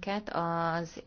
figyelmünket az